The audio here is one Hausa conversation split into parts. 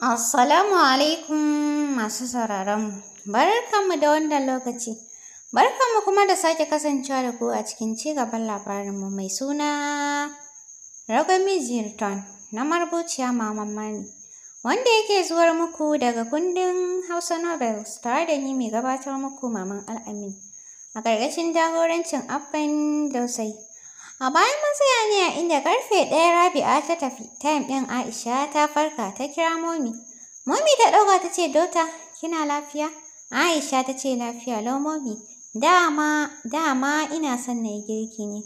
Assalamu alaikum masu sauraron barkanmu da wannan lokaci, barkanmu kuma da sake kasancewa da ku a cikin ci cigaban labarinmu mai suna Ragami Zirton na marubuciya Maman Mani, wanda yake zuwar muku daga kundin Hausa Novels tare da ni mai gabatar muku Maman Al'amin a ƙarƙashin jagorancin Abban Dausai. A bayan matsaya ne a inda karfe ɗaya Rabi'a ta tafi, time ɗin Aisha ta farka ta kira Momi. Momi ta ɗauka ta ce, Dota, kina lafiya? Aisha ta ce, lafiya lau Momi. Dama, dama ina son na yi girki ne.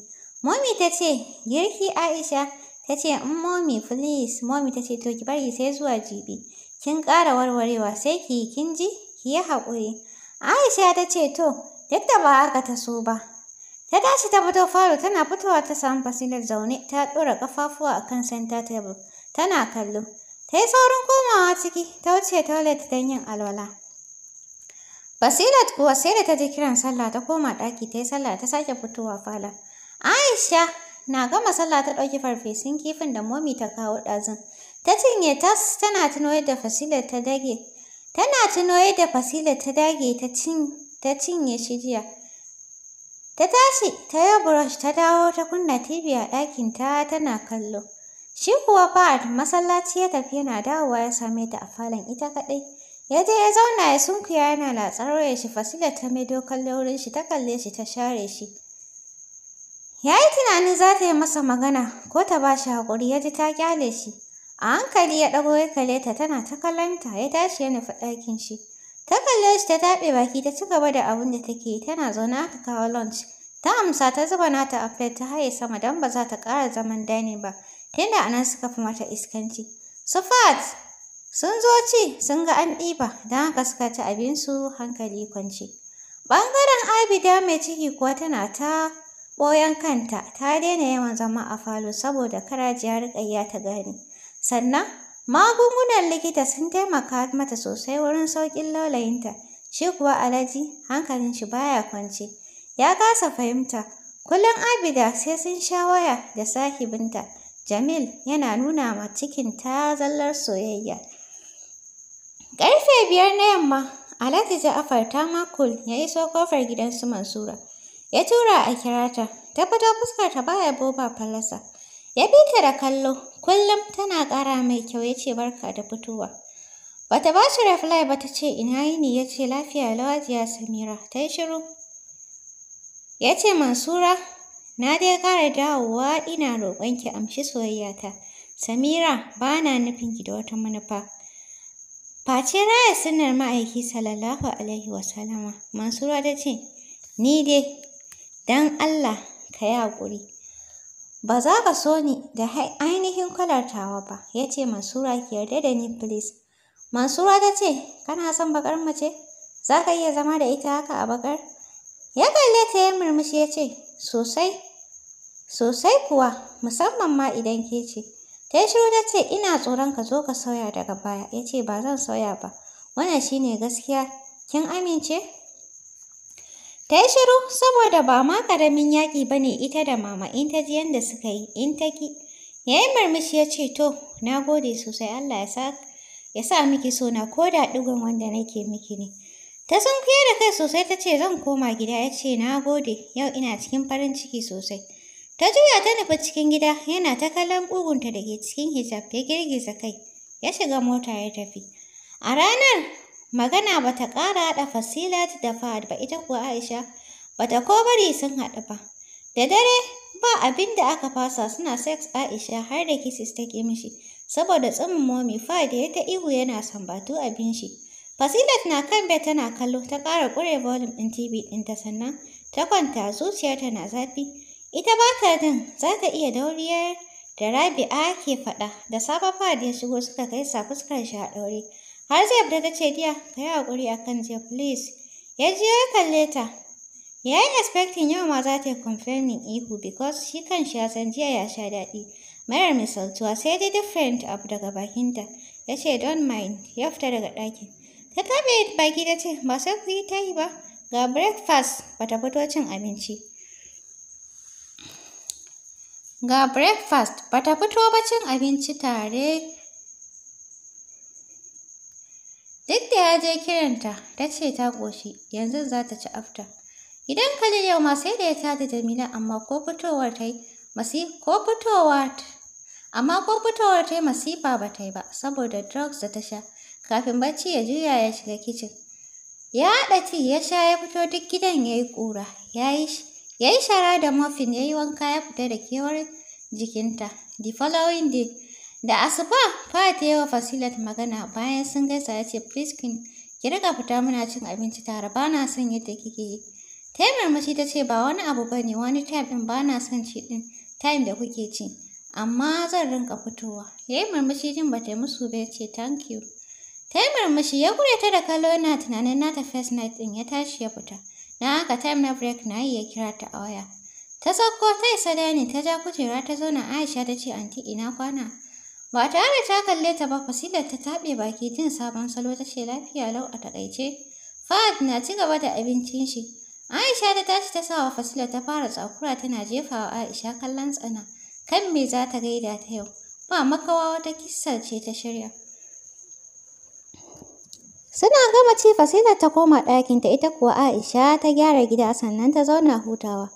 Momi ta ce, girki Aisha? Ta ce, in mm, Momi, please. Momi ta ce, to ki bari sai zuwa jibi. Kin ƙara warwarewa sai ki yi kin ji, ki yi haƙuri. Aisha ta ce, to, duk da ba haka ta so ba, Ta tashi ta fito falo tana fitowa ta samu fasilar zaune ta ɗora ƙafafuwa a kan center table tana kallo. Ta yi saurin komawa ciki ta wuce toilet don yin alwala. Fasilat kuwa sai da ta ji kiran sallah ta koma ɗaki ta yi sallah ta sake fitowa fala. Aisha na gama sallah ta ɗauki farfesun kifin da momi ta kawo ɗazun. Ta cinye tas tana tuno yadda Fasilat ta dage. Tana tuno yadda Fasilat ta dage ta cinye shi jiya. Ta tashi ta yi brush ta dawo ta kunna TV a ɗakinta tana kallo. Shi kuwa Fahad masallaci ya tafi yana dawowa ya same ta a falon ita kaɗai. Ya je ya zauna ya sunkuya yana ya shi Fasila ta maido kalle wurin shi ta kalle shi ta share shi. Ya yi tunanin za ta yi masa magana ko ta ba shi haƙuri ya ji ta ƙyale shi. A hankali ya ɗago ya kale ta tana ta kallanta ya tashi ya nufi ɗakin shi. Ta kalle shi ta taɓe baki ta ci gaba da abin da take tana zaune aka kawo lunch. Ta amsa ta zuba nata a plate ta haye sama don ba za ta ƙara zaman dining ba. Tunda a nan suka fi mata iskanci. Sufat sun zo ci sun ga an ɗiba don haka suka ci abinsu hankali kwance. Ɓangaren Abida mai ciki kuwa tana ta ɓoyon kanta ta daina yawan zama a falo saboda karajiya riƙayya ta gane. Sannan Magungunan likita sun taimaka mata sosai wurin sauƙin laulayinta, shi kuwa Alhaji hankalin shi baya kwance, ya kasa fahimta. Kullum Abida sai sun sha waya da sahibinta, Jamil yana nuna ma cikin ta zallar soyayya. Ƙarfe biyar na yamma, Alhaji Ja'afar ta makul ya iso kofar gidan su Mansura. Ya tura a kirata, ta fito fuskar ta baya boba falasa. Ya bi ta da kallo, kullum tana ƙara mai kyau ya ce barka da fitowa. Bata ba shi reply ba ta ce ina yini ya ce lafiya lawajiya Samira ta yi shiru. Ya ce Mansura, na dai ƙara dawowa ina roƙonki amshi soyayyata. Samira ba na nufin ki da wata manufa. Face raya sunnar ma'aiki sallallahu alaihi wasallama. Mansura ta ce, ni dai, don Allah ka yi haƙuri. Ba za ka so ni da ainihin kwalartawa ba, ya ce Mansura ki yarda da ni please. Mansura ta ce, kana son bakar mace? Za ka iya zama da ita haka a bakar? Ya kalle ta ya murmushi ya ce, sosai, sosai kuwa, musamman ma idan ke ce. Ta yi shiru ta ce, ina tsoron ka zo ka sauya daga baya, ya ce ba zan sauya ba. Wannan shine gaskiya, kin amince? Ta yi shiru saboda ba ma ƙaramin yaƙi ba ne ita da mama in ta ji yadda suka yi in ta ki. Ya yi murmushi ya ce to na gode sosai Allah ya sa ya sa miki sona ko da ɗigon wanda nake miki ne. Ta sun fiye da kai sosai ta ce zan koma gida ya ce na gode yau ina cikin farin ciki sosai. Ta juya ta nufi cikin gida yana ta kallon ƙugunta da ke cikin hijab ya girgiza kai ya shiga mota ya tafi. A ranar Magana ba ta ƙara haɗa Fasilat da Fahad ba ita kuwa Aisha ba ta ko bari sun haɗu ba. Da dare ba abin da aka fasa suna sex Aisha har da kisis ke mishi saboda tsumin momi da ya ta ihu yana sambatu abin shi. Fasilat na kan bai tana kallo ta ƙara ƙure volume ɗin TV ɗinta sannan ta kwanta zuciyar ta na zafi. Ita ba ta jin za ta iya dauriyar da Rabi'a ke faɗa da safe Fahad ya shigo suka kai sa fuskar shi a ɗaure. har zebra ta ce diya ka yi haƙuri a kan je please ya ji ya kalle ta ya yi expecting yau ma za ta yi confirming ihu because shi kan shi ya san jiya ya sha daɗi marar misaltuwa sai dai different abu daga bakinta ya ce don mind ya fita daga ɗakin ta taɓe baki ta ce ba sai ku yi ta yi ba ga breakfast ba ta fito cin abinci ga breakfast ba ta fito ba cin abinci tare Duk da ya je kiranta, ta ce ta ƙoshi, yanzu za ta ci afta. Idan Khalil yau ma sai da ya tada Jamila amma ko fitowar ta yi masi ko fitowar amma ko fitowar ta yi masifa ba ta yi ba saboda drugs da ta sha. Kafin bacci ya juya ya shiga kicin. Ya haɗa ti ya sha ya fito duk gidan ya yi ƙura, ya yi shara da muffin ya yi wanka ya fita da kewar jikinta. The following day, Da asuba Fahad ya wa Fasilat magana bayan sun gaisa ya ce fiskin ki riga fita muna cin abinci tare ba na son yadda kike yi. Ta yi ta ce ba wani abu ba ne wani time ɗin ba na son ci ɗin time da kuke ci amma zan rinka fitowa. Ya yi murmushi jin ba ta yi musu ba ya ce thank you. Ta yi murmushi ya gure ta da kallo yana tunanin nata first night ɗin ya tashi ya fita. Na haka time na break na yi ya kira ta a waya. Ta sauko ta isa dani ta ja kujera ta zauna Aisha ta ce anti ina kwana. Ba tare ta kalle ta ba fasilar ta taɓe baki jin sabon salo ta ce lafiya lau a taƙaice. Fahad na ci gaba da abincin shi. Aisha ta tashi ta sawa fasilar ta fara tsakura tana jefawa Aisha kallon tsana. Kan me za ta gaida ta yau? Ba makawa wata kissar ce ta shirya. Suna gama ci fasila ta koma ɗakin ɗakinta ita kuwa Aisha ta gyara gida sannan ta zauna hutawa.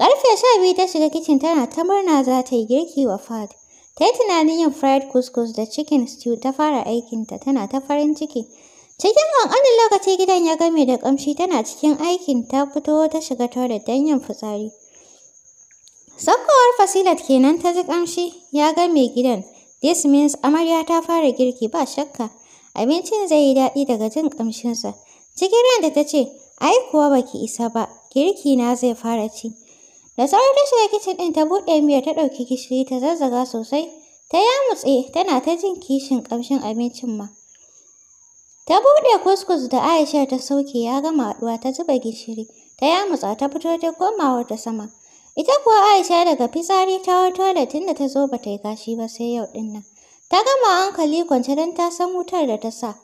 Ƙarfe sha biyu ta shiga kicin tana ta murna za ta yi girki wa fahad Ta yi tunanin yin fried couscous da chicken stew ta fara aikinta tana ta farin ciki. Cikin ƙanƙanin lokaci gidan ya game da ƙamshi tana cikin aikin ta fito ta shiga toilet don yin fitsari. Saukowar Fasilat kenan ta ji ƙamshi ya game gidan. This means amarya ta fara girki ba shakka. Abincin zai yi daɗi daga jin kamshinsa. Cikin ranta ta ce, ai kuwa baki isa ba, girki na zai fara ci. Da sauran ta shiga kicin ɗin ta buɗe miyar ta ɗauki gishiri ta zazzaga sosai. Ta yamutse tana ta jin kishin ƙamshin abincin ma. Ta buɗe kuskus da Aisha ta sauke ya gama haɗuwa ta zuba gishiri. Ta yamutsa ta fito ta komawa ta sama. Ita kuwa Aisha daga fitsari ta wato toilet tunda ta zo ba ta yi kashi ba sai yau ɗin Ta gama hankali kwance don ta san wutar da ta sa.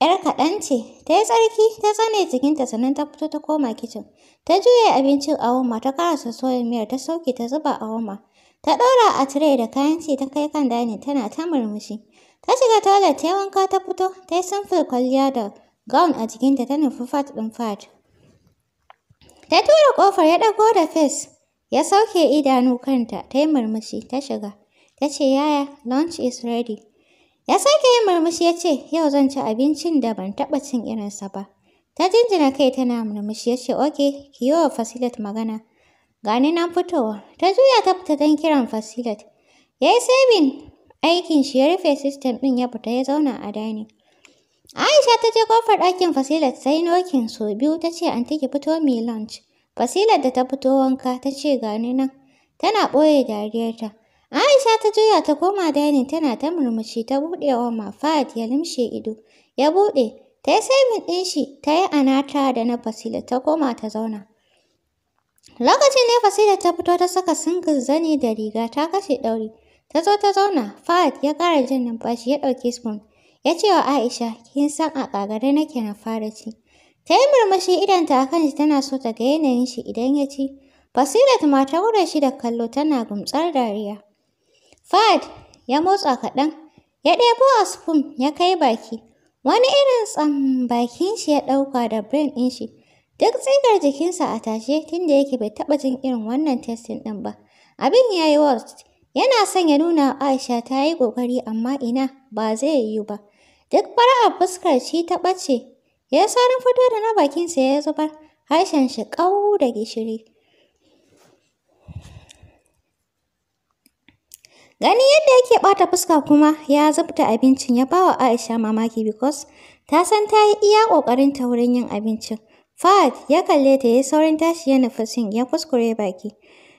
‘yar kaɗan ce, ta yi tsarki, ta tsane jikinta sannan ta fito ta koma kicin. Ta juya abincin a woma, ta karasa soyin miyar, ta sauke ta zuba a woma. Ta ɗaura a tire da kayan ci ta kai kan dani tana ta murmushi. Ta shiga toilet ta yi wanka ta fito, ta yi samfur kwalliya da gown a jikinta ta nufi fat ɗin fat. Ta tura ƙofar ya ɗago da face, ya sauke idanu kanta, ta yi murmushi, ta shiga. Ta ce, yaya, lunch is ready. Ya sake yin murmushi ya ce, yau zan ci abincin da ban taɓa cin irinsa ba. Ta jinjina kai tana murmushi ya ce, oke, ki yi wa Fasilat magana. Gani na fitowa. Ta juya ta fita don kiran Fasilat. Ya yi sabin aikin shi ya rufe sistem ɗin ya fita ya zauna a dani. Aisha ta je kofar ɗakin Fasilat sai nokin so biyu ta ce, An ki fito mu lunch. Fasilat da ta fito wanka ta ce, gani nan. Tana ɓoye dariyarta. Aisha ta juya ta koma dainin tana ta murmushi ta buɗe wa Mafat ya limshe ido. Ya buɗe, ta yi saving ɗin shi, ta yi anata da na Fasila ta koma ta zauna. Lokacin ne Fasila ta fito ta saka singil zani da riga ta kashe ɗauri. Ta zo ta zauna, Fahad ya ƙara jin numfashi ya ɗauki spoon. Ya ce wa Aisha, kin san a ƙagare nake na fara ci. Ta yi murmushi idanta a kan shi tana so ta ga yanayin shi idan ya ci. Fasilat ma ta wura shi da kallo tana gumtsar dariya. Fad ya motsa kaɗan, ya ɗebo a spoon ya kai baki. Wani irin tsan bakin shi ya ɗauka da brain ɗin shi. Duk tsigar jikinsa a tashe tunda yake bai taɓa jin irin wannan testin ɗin ba. Abin ya yi worst. Yana son ya nuna Aisha ta yi ƙoƙari amma ina ba zai yiwu ba. Duk fara'ar fuskar shi ta ɓace. Ya saurin fito da na bakinsa ya zubar, harshen shi ƙau da gishiri. Gani yadda yake bata fuska kuma ya zubta abincin ya bawa Aisha mamaki because ta san ta yi iya kokarin ta wurin yin abincin. Fahad ya kalle ta ya saurin tashi ya nufi ya kuskure baki.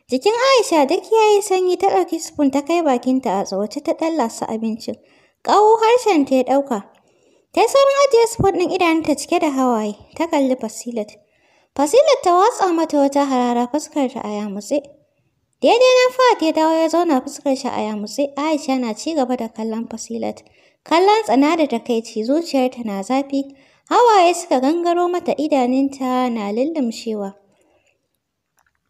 Jikin Aisha duk ya sanyi ta ɗauki spoon ta kai bakinta a tsawace ta dalla su abincin. Kawo harshen ta ya ɗauka. Ta yi saurin ajiye spoon ɗin idanunta cike da hawaye ta kalli Fasilat. Fasilat ta watsa mata wata harara fuskar ta a yamutse. Daidai na Fahad ya dawo ya zauna fuskar shi a yamutse, Aisha na ci gaba da kallon Fasilat. Kallon tsana da takaici zuciyarta na zafi, hawaye suka gangaro mata idanunta na lullumshewa.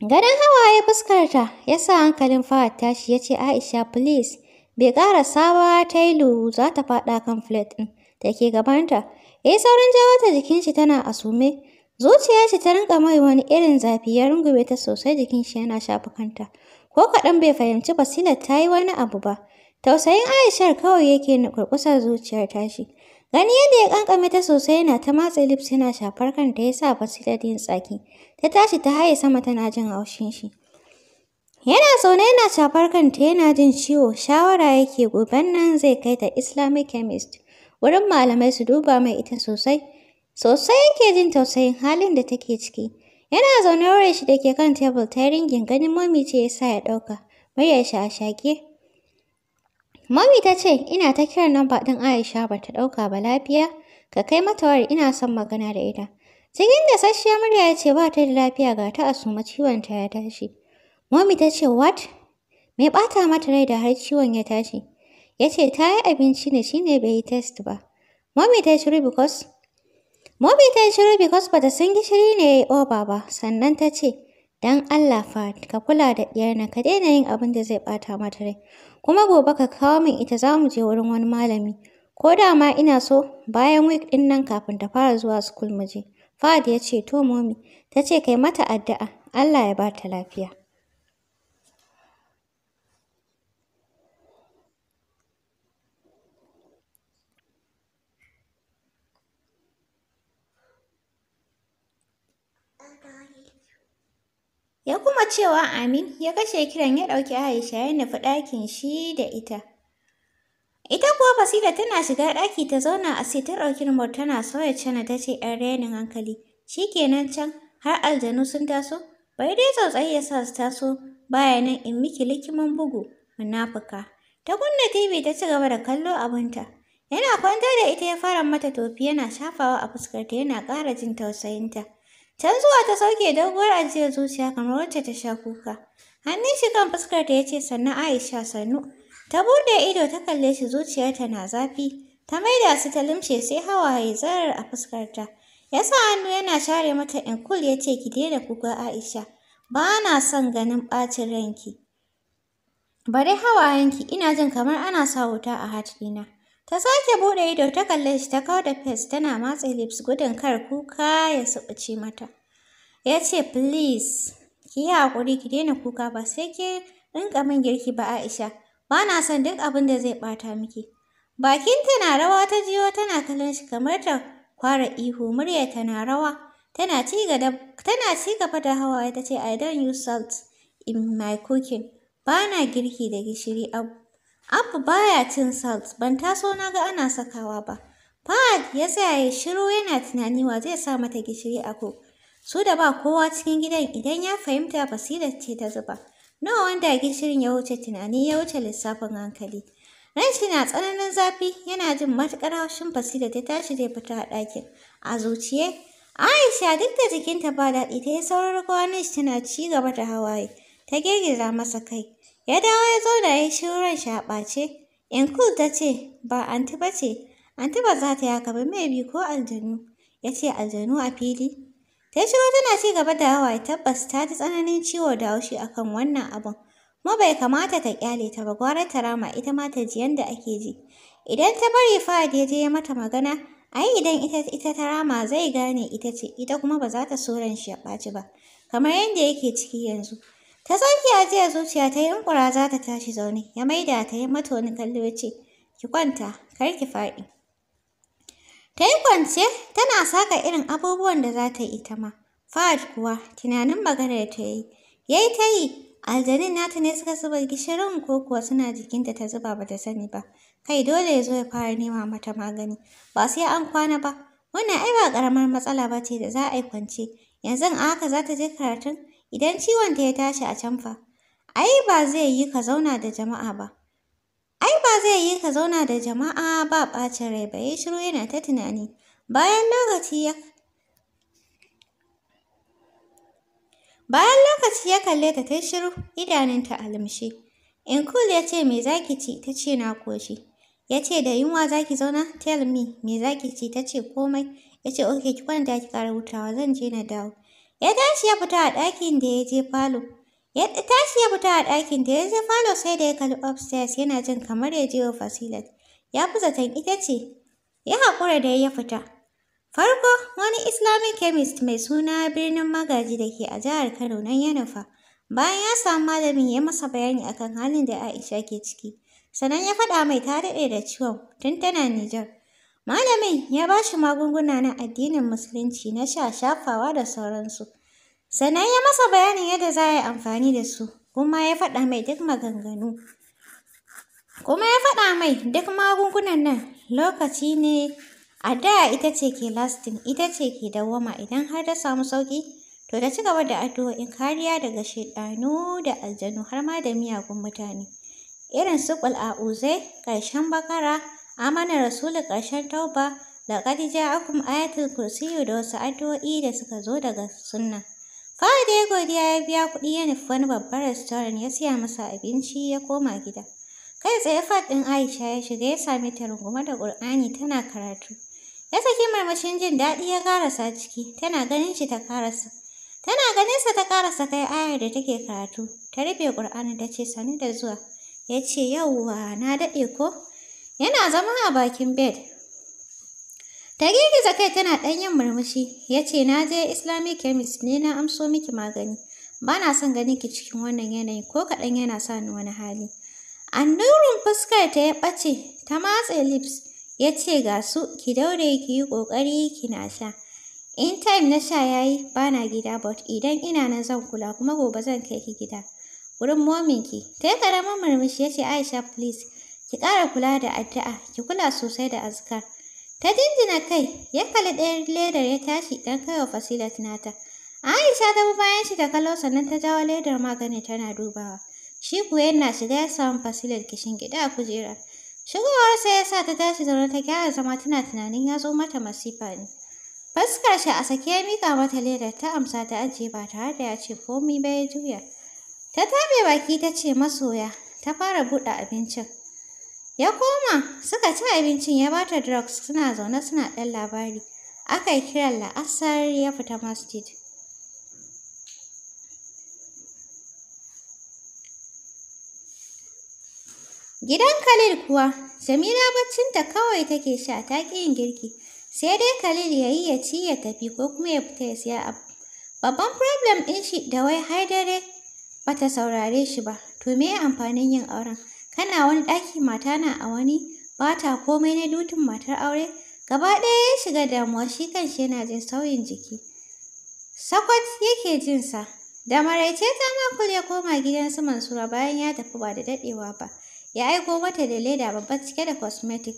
Ganin hawaye fuskarta ya sa hankalin Fahad tashi ya ce Aisha please bai ƙara Sawa ta yi za ta faɗa kan flat ɗin da ke gabanta. Ya yi saurin jawo ta jikin shi tana a sume. Zuciya shi ta rinka mai wani irin zafi ya rungume ta sosai jikin shi yana shafukanta. Ko kaɗan bai fahimci Basila ta yi wani abu ba. Tausayin Aishar kawai yake na kurkusar zuciyar tashi. Gani yadda ya kankame ta sosai yana ta matse lips yana shafar kanta ya sa Basila din tsaki. Ta tashi ta haye sama tana jin haushin shi. Yana zaune yana shafar kanta yana jin ciwo shawara yake goben nan zai kai ta Islamic chemist. Wurin malamai su duba mai ita sosai. Sosai yake jin tausayin halin da take ciki. Yana zaune wurin shi da ke kan tebul ta ringin ganin mami ce ya sa ya ɗauka. Muryar shi a shaƙe. Mami ta ce, ina ta kiran namba ɗin Aisha ba ta ɗauka ba lafiya. Ka kai mata wari, ina son magana da ita. Cikin da sashiya murya ya ce ba ta da lafiya ga ta a suma ciwon ta ya tashi. Mami ta ce, what? Me ɓata mata rai da har ciwon ya tashi? ya ce ta yi abinci ne shi ne bai yi test ba. Mami ta shiru because Mobi ta yi shiru because bata san gishiri ne ya yi oba ba, sannan ta ce, Don Allah fa ka kula da ɗiyar na ka daina yin abin da zai ɓata mata rai. Kuma gobe ka kawo min ita za mu je wurin wani malami. Ko da ma ina so bayan week ɗin nan kafin ta fara zuwa school mu je. Fahad ya ce to momi, ta ce kai mata addu'a, Allah ya ba ta lafiya. Ya kuma cewa amin ya kashe kiran ya ɗauki Aisha ya nufi ɗakin shi da ita. Ita kuwa Basila tana shiga ɗaki ta zauna a sai ta ɗauki remote tana sauya cana ta ce ‘yan renin hankali. Shi kenan can har aljanu sun taso, bai dai tsautsayi ya sa su taso baya in miki likiman bugu, munafuka. Ta kunna TV ta ci gaba da kallo abinta. Yana kwantar da ita ya fara mata tofi yana shafawa a fuskarta yana ƙara jin tausayinta. Can zuwa ta sauke doguwar ajiyar zuciya kamar wacce ta sha kuka. Hannun shi kan fuskarta ya ce sannan Aisha sannu. Ta buɗe ido ta kalle shi zuciyarta na zafi. Ta maida su ta limshe sai hawaye zarar a fuskarta. Ya sa hannu yana share mata in kul ya ce ki daina kuka Aisha. Ba na son ganin ɓacin ranki. Bari hawayenki ina jin kamar ana sa wuta a hatina. Ta sake buɗe ido ta kalle shi ta kawo da fes tana matse lips gudun kar kuka ya subuce mata. Ya ce please ki yi haƙuri ki daina kuka ba sai ki rinƙa min girki ba Aisha. Ba na son duk abin da zai ɓata miki. Bakin na rawa ta jiyo tana kallon shi kamar ta kwara ihu "Murya na rawa. Tana ci gaba da hawa ta ce I don't use salt in my cooking. Ba na girki da gishiri abu. ba ya cin salt, ban taso na ga ana sakawa ba. Fahad ya tsaya ya shiru yana tunani wa zai sa mata gishiri a ko. Su da ba kowa cikin gidan idan ya fahimta basirar ce ta zuba. Nawa wanda gishirin ya wuce tunani ya wuce lissafin hankali. Ranshi na tsananin zafi yana jin matuƙar haushin basira ta tashi zai fita a ɗakin. A zuciye, Aisha duk da jikinta ba daɗi ta yi saurin shi tana ci gaba da hawaye. Ta girgiza masa kai. Ya dawo ya zo ya shi ran shi a ɓace. Inkul ta ce, ba anti ba ce, anti ba za ta yi haka ba bi ko aljanu. Ya ce aljanu a fili. Ta shigo tana ci gaba da ya tabbas ta ji tsananin ciwo da haushi a kan wannan abun. Kuma bai kamata ta kyale ta ba gwara ta rama ita ma ta ji yanda ake ji. Idan ta bari Fahad ya je ya mata magana, ai idan ita, ita ta rama zai gane ita ce, ita kuma ba za ta so ran shi ya ɓaci ba. Kamar yadda yake ciki yanzu. Ta sauke a jiya zuciya ta yunkura za ta tashi zaune, ya maida ta yi mata wani kallo ya Ki kwanta, kar ki faɗi. Ta yi kwance, tana saka irin abubuwan da za ta yi ita ma. Fahad kuwa, tunanin maganar ta yi. Ya yi ta yi, aljanin nata ne suka zuba gishirin ko kuwa suna jikinta ta zuba ba ta sani ba. Kai dole ya zo ya fara nema mata magani, ba sai an kwana ba. Wannan ai ba ƙaramar matsala ba ce da za a yi kwance. Yanzu a haka za ta je karatun Idan ciwon ta ya tashi a can fa, ai ba zai yi ka zauna da jama'a ba. Ai ba zai yi ka zauna da jama'a ba ɓacin rai ba ya shiru yana ta tunani. Bayan lokaci ya Bayan lokaci ya kalle ta ta shiru idanunta a limshe. Inkul ya ce me zaki ci ta ce na koshi. Ya ce da yunwa zaki zauna tell me me zaki ci ta ce komai. Ya ce okay ki kwanta ki kara hutawa zan je na dawo. ya tashi ya fita a ɗakin da ya je falo ya tashi ya fita a ɗakin da ya je falo sai da ya kalli upstairs yana jin kamar ya je wa fasilat ya fi zaton ita ce ya haƙura da ya fita farko wani islamic chemist mai suna birnin magaji da ke a jihar kano nan ya nufa bayan ya samu malamin ya masa bayani akan halin da aisha ke ciki sannan ya faɗa mai ta daɗe da ciwon tun tana nijar Malamin ya ba shi magunguna na addinin Musulunci na sha, shafawa da sauransu. Sannan ya masa bayanin yadda za a yi amfani da su, kuma ya faɗa mai duk maganganu. Kuma ya faɗa mai duk magungunan nan lokaci ne a da ita ce ke lastin, ita ce ke dawwama idan har da samu sauƙi, to ta ci gaba da addu'o'in kariya daga shaidanu da aljanu har ma da miyagun mutane. Irin su ƙul'a'uzai, ƙarshen bakara, amana rasulun ƙarshen tauba laƙad akum ayatul kursiyu da wasu addu'o'i da suka zo daga sunna da ya godiya ya biya kuɗi ya nufi wani babban restoran ya siya masa abinci ya koma gida. Kai tsaye Fahad ɗin Aisha ya shiga ya sami ta rungume da Ƙur'ani tana karatu. Ya saki marmashin jin daɗi ya karasa ciki, tana ganin shi ta karasa. Tana ganin sa ta karasa kai ayar da take karatu, ta rufe Ƙur'ani ta ce sani da zuwa. Ya ce yauwa na daɗe ko? yana zama a bakin bed. Ta girgiza kai tana ɗan yin murmushi, ya ce na je Islamic chemist ne na amso miki magani. Ba na son ganin ki cikin wannan yanayi ko kaɗan yana sa ni wani hali. Annurin fuskar ta ya ɓace, ta matse lips, ya ce ga su ki daure ki yi ƙoƙari ki na sha. In time na sha ya yi, ba na gida but idan ina nan zan kula kuma gobe zan kai ki gida. Wurin mominki, ta yi ƙaramin murmushi ya ce Aisha please. ki ƙara kula da addu'a, ki kula sosai da azkar. Ta jinjina kai, ya kalli ɗayan ledar ya tashi don kaiwa Fasilat nata. Aisha ta bi bayan shi da kallo sannan ta jawo ledar magani tana dubawa. Shi kuwa yana shiga ya samu Fasilat kishin gida a kujera. Shigowarsa ya sa ta tashi zaune ta gyara zama tana tunanin ya zo mata masifa ne. Fuskar shi a sake ya miƙa mata ledar ta amsa ta ajiye ba tare da ya ce komai ba ya juya. Ta tabe baki ta ce masoya, ta fara buɗe abincin. Ya koma suka ci abincin ya bata drugs suna zaune suna ɗan labari. Aka yi kiran la'asar ya fita masjid. Gidan Khalil kuwa, Jamila baccinta kawai take sha ta ƙi yin girki, sai dai Khalil ya yi ya ci ya tafi ko kuma ya fita ya siya abu. Babban problem ɗin shi da wai haidare dare ba ta saurare shi ba, to me amfanin yin auren? kana wani ɗaki mata na a wani ba ta komai na dutin matar aure gaba ɗaya ya shiga damuwa shi kanshi yana jin sauyin jiki sakwat yake jinsa da maraice ta makul ya koma gidan su mansura bayan ya tafi ba da daɗewa ba ya aiko mata da leda babba cike da cosmetic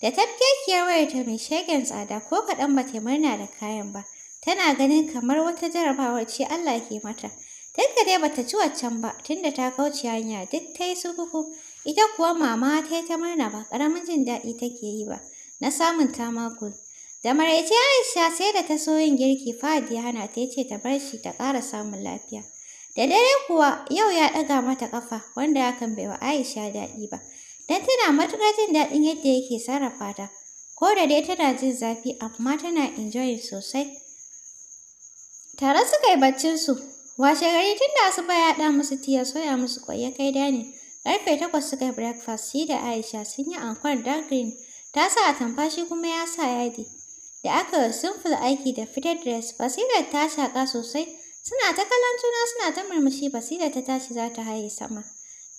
da tafkekiyar wayarta mai shegen tsada ko kaɗan ba ta murna da kayan ba tana ganin kamar wata jarabawar ce Allah ke mata Duk da dai bata ci waccan ba, tunda ta kauce hanya duk ta yi sukuku, ita kuwa mama ta yi ta murna ba ƙaramin jin daɗi take yi ba, na samun ta mako. Da maraice Aisha sai da ta so yin girki Fahad ya hana ta ce ta bar shi ta ƙara samun lafiya. Da dare kuwa yau ya ɗaga mata ƙafa wanda hakan bai wa Aisha daɗi ba, don tana matuƙar jin daɗin yadda yake sarrafa ta. Ko da dai tana jin zafi amma tana enjoying sosai. Tare suka yi baccinsu Washe gari tun da asuba ya da musu tiya soya musu kwai ya kai dani. Karfe takwas suka yi breakfast shi da Aisha sun yi ankon dark green. Ta sa tamfa shi kuma ya sa yadi. Da aka yi simple aiki da fitted dress Basira ta shaƙa sosai. Suna ta kallon juna suna ta murmushi Basira ta tashi za ta haye sama.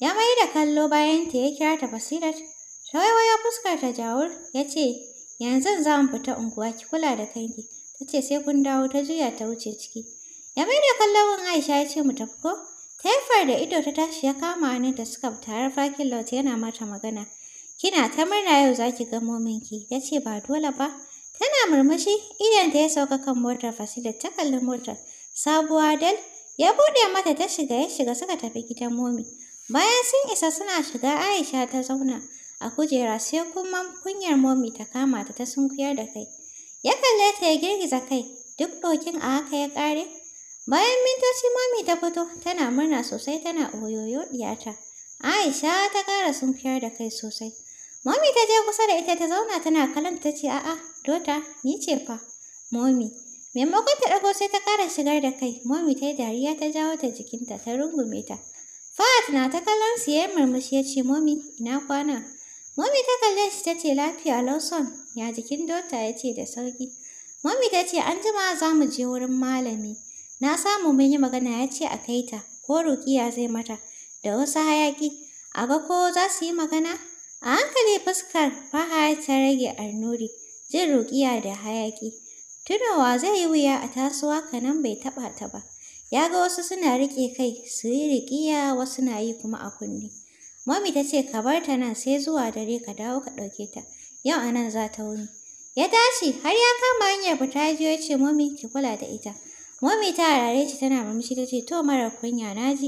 Ya mai da kallo bayan ta ya kira ta Basirat. Ta waiwayo fuskar ta jawur ya ce yanzu za mu fita unguwa ki kula da kanki. Ta ce sai kun dawo ta juya ta wuce ciki. ya mai da kallon aisha ya ce mu tafi ko ta haifar da ido ta tashi ya kama ni da suka tare fakin lot yana mata magana kina ta murna yau zaki ga mominki ya ce ba dole ba tana murmushi idan ta ya sauka kan motar fasila ta kalli motar sabuwa dal ya buɗe mata ta shiga ya shiga suka tafi gidan momi bayan sun isa suna shiga aisha ta zauna a kujera sai kuma kunyar momi ta kama ta ta sunkuyar da kai ya kalle ta ya girgiza kai duk ɗokin a haka ya kare? Bayan mintoci mami ta fito, tana murna sosai tana oyoyo diyata. Aisha ta ƙara sunkuyar da kai sosai. Mami ta je kusa da ita ta zauna tana kalan ta ce a'a dota ni ce fa. Mami maimakon ta ɗago sai ta ƙara shigar da kai. Mami ta yi dariya ta jawo ta jikinta ta rungume ta. Fahad na ta kallon su murmushi ya ce mami ina kwana. Mami ta kalli shi ta ce lafiya Lawson ya jikin dota ya ce da sauki. Mami ta ce an jima za mu je wurin malami. Na samu mun yi magana ya ce a kai ta, ko Rukiya zai mata, da wasu hayaƙi. A ga ko za su yi magana? A hankali fuskar Fahad ta rage Arnuri, jin Rukiya da hayaƙi. Tunawa zai yi wuya a tasowa nan bai taɓa ta ba. Ya ga wasu suna riƙe kai, su yi riƙiya wasu na yi kuma a kunne. Mami ta ce ka bar ta nan sai zuwa dare ka dawo ka ɗauke ta. Yau a nan za ta wuni. Ya tashi har ya kama hanyar fita ya ce mami ki kula da ita. Mummy ta rare shi tana murmushi ta ce to mara kunya na ji.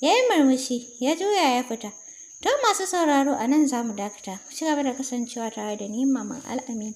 Ya yi murmushi ya juya ya fita. to masu sauraro a nan za mu dakata. Ku ci gaba da kasancewa tare da ni Maman Al'amin.